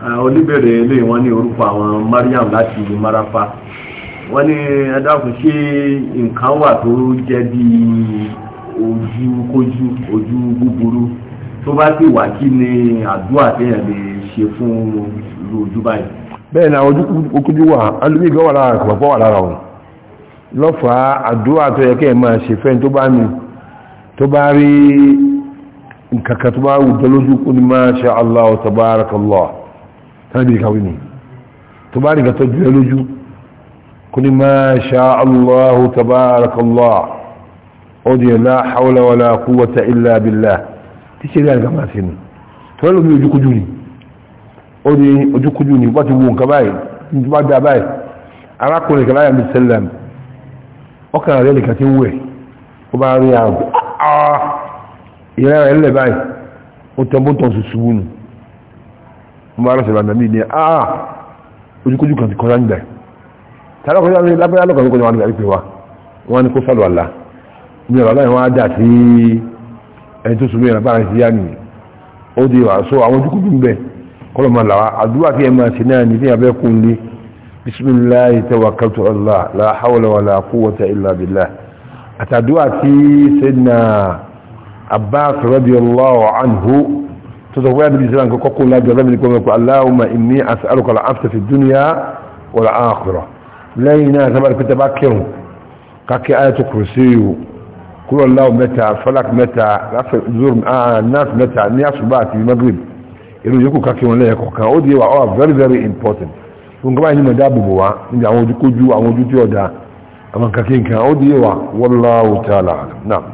Eh, oníbèrè ilé wọn ní orúkọ àwọn Mariam láti Marapa wọ́n ní ẹ dákun nǹkan wà tó jẹ́ bí ojú kójú ojú búburú tó bá ti wà kí ni àdúrà téèyàn lè ṣe fún ojú báyìí. bẹ́ẹ̀ náà ojú kójú wà alúbí gan wà lára ìpọ̀pọ̀ wà lára ọ̀hún lọ́fàá àdúrà tó yẹ kẹ́ máa ṣe fẹ́ tó bá ní tó bá rí tó bá wù jẹ́ tàbí ìkàwé ni tó bá nìkan tọ́jú ẹ lójú kú ní máa ṣá allahu tabarakallah ó di la hawla wala quwwata illa billah tí ṣe rí àgbà máa ṣe ni tó lọ́lọ́ bí ojúkújú ni ó di ojúkújú ni bá ti wo nǹkan báyìí tó bá dá rẹ̀ nìkan ti wẹ̀ ó bá rí àgbà ìrẹ́rẹ̀ lẹ̀ ó tẹ́ bó mọ́ra sẹ̀rọ̀ ànàbí ní àà ah, ojúkójú kan ti kọjá ń bẹ̀ tààrà kọjá ní lábẹ́ alọ́kọ̀ ní kọjá wọn ní pé wa wọ́n ní kó sálù àlá ní ọ̀rọ̀ aláìwọ̀n wọ́n á dà sí ẹni tó sùn mìíràn bára sí yá nì ó di wà so àwọn ojúkójú ń bẹ̀ kọlọ̀ máa làwà àdúrà tí ẹ máa ṣe náà ní ní abẹ́ kún lé bisimilahi tawakkaltu allah la hawla wala quwwata illa billah àtàdúrà tí sayyidina abbas radiyallahu anhu تدوي النبي صلى الله عليه وسلم كقول لا جرب لكم اللهم إني أسألك العفو في الدنيا والآخرة لينا ثمر كنت باكيهم كاكي آية كرسي كل الله متى فلك متى زور آه الناس متى الناس بات المغرب إنه يكون كاكي ولا يكون كان أودي وعوا very very important ونقبع إنما دابوا بوا إنه عمود كجو عمود جودا أما كاكي كان أودي والله تعالى نعم